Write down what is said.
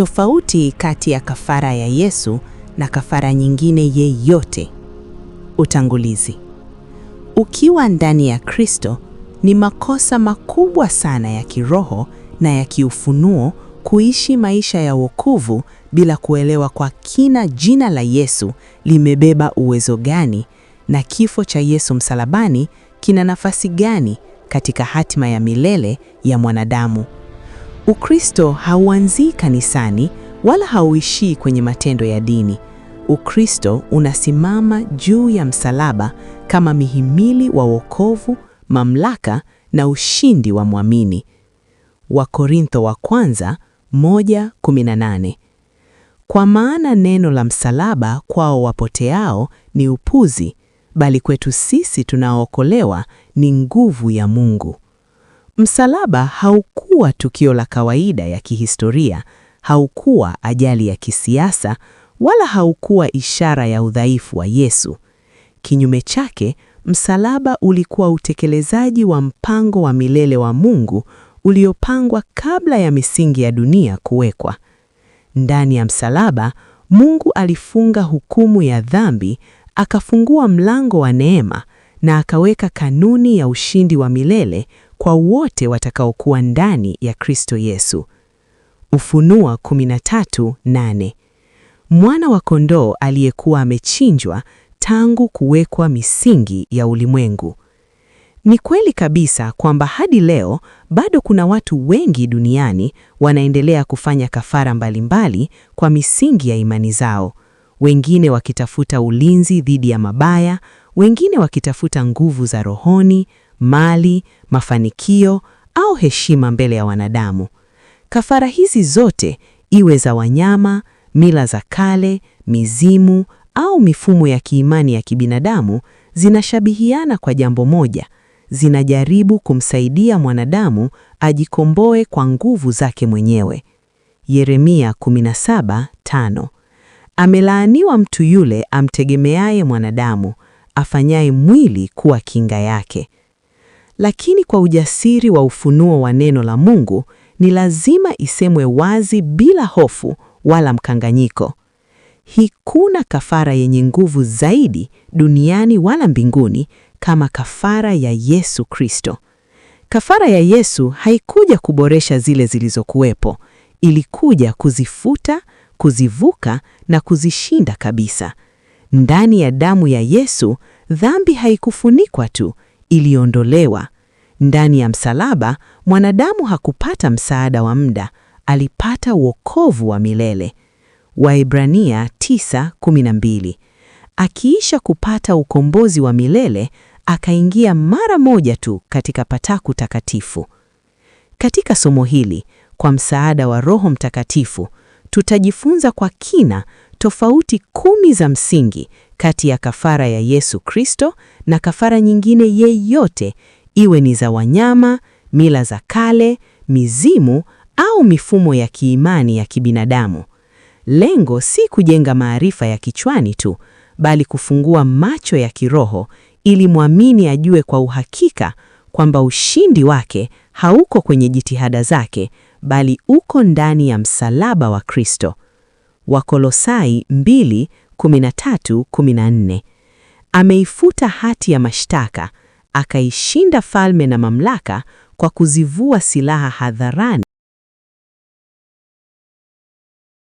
tofauti kati ya kafara ya Yesu na kafara nyingine yeyote. Utangulizi. Ukiwa ndani ya Kristo, ni makosa makubwa sana ya kiroho na ya kiufunuo kuishi maisha ya wokovu bila kuelewa kwa kina jina la Yesu limebeba uwezo gani na kifo cha Yesu msalabani kina nafasi gani katika hatima ya milele ya mwanadamu. Ukristo hauanzii kanisani wala hauishii kwenye matendo ya dini. Ukristo unasimama juu ya msalaba kama mihimili wa wokovu, mamlaka na ushindi wa mwamini. Wakorintho wa kwanza 1:18. Kwa maana neno la msalaba kwao wapoteao ni upuzi, bali kwetu sisi tunaookolewa ni nguvu ya Mungu. Msalaba haukuwa tukio la kawaida ya kihistoria, haukuwa ajali ya kisiasa, wala haukuwa ishara ya udhaifu wa Yesu. Kinyume chake, msalaba ulikuwa utekelezaji wa mpango wa milele wa Mungu uliopangwa kabla ya misingi ya dunia kuwekwa. Ndani ya msalaba, Mungu alifunga hukumu ya dhambi, akafungua mlango wa neema na akaweka kanuni ya ushindi wa milele kwa wote watakaokuwa ndani ya Kristo Yesu. Ufunuo 13:8. Mwana wa kondoo aliyekuwa amechinjwa tangu kuwekwa misingi ya ulimwengu. Ni kweli kabisa kwamba hadi leo bado kuna watu wengi duniani wanaendelea kufanya kafara mbalimbali kwa misingi ya imani zao, wengine wakitafuta ulinzi dhidi ya mabaya, wengine wakitafuta nguvu za rohoni, mali, mafanikio au heshima mbele ya wanadamu. Kafara hizi zote, iwe za wanyama, mila za kale, mizimu au mifumo ya kiimani ya kibinadamu, zinashabihiana kwa jambo moja: zinajaribu kumsaidia mwanadamu ajikomboe kwa nguvu zake mwenyewe. Yeremia 17:5. Amelaaniwa mtu yule amtegemeaye mwanadamu, afanyaye mwili kuwa kinga yake. Lakini kwa ujasiri wa ufunuo wa neno la Mungu ni lazima isemwe wazi bila hofu wala mkanganyiko. Hakuna kafara yenye nguvu zaidi duniani wala mbinguni kama kafara ya Yesu Kristo. Kafara ya Yesu haikuja kuboresha zile zilizokuwepo, ilikuja kuzifuta, kuzivuka na kuzishinda kabisa. Ndani ya damu ya Yesu, dhambi haikufunikwa tu, iliondolewa. Ndani ya msalaba, mwanadamu hakupata msaada wa muda, alipata wokovu wa milele. Waibrania 9:12. Akiisha kupata ukombozi wa milele, akaingia mara moja tu katika pataku takatifu. Katika somo hili, kwa msaada wa Roho Mtakatifu, tutajifunza kwa kina tofauti kumi za msingi kati ya kafara ya Yesu Kristo na kafara nyingine yeyote, iwe ni za wanyama, mila za kale, mizimu au mifumo ya kiimani ya kibinadamu. Lengo si kujenga maarifa ya kichwani tu, bali kufungua macho ya kiroho ili mwamini ajue kwa uhakika kwamba ushindi wake hauko kwenye jitihada zake, bali uko ndani ya msalaba wa Kristo. Wakolosai mbili 13:14. Ameifuta hati ya mashtaka, akaishinda falme na mamlaka kwa kuzivua silaha hadharani.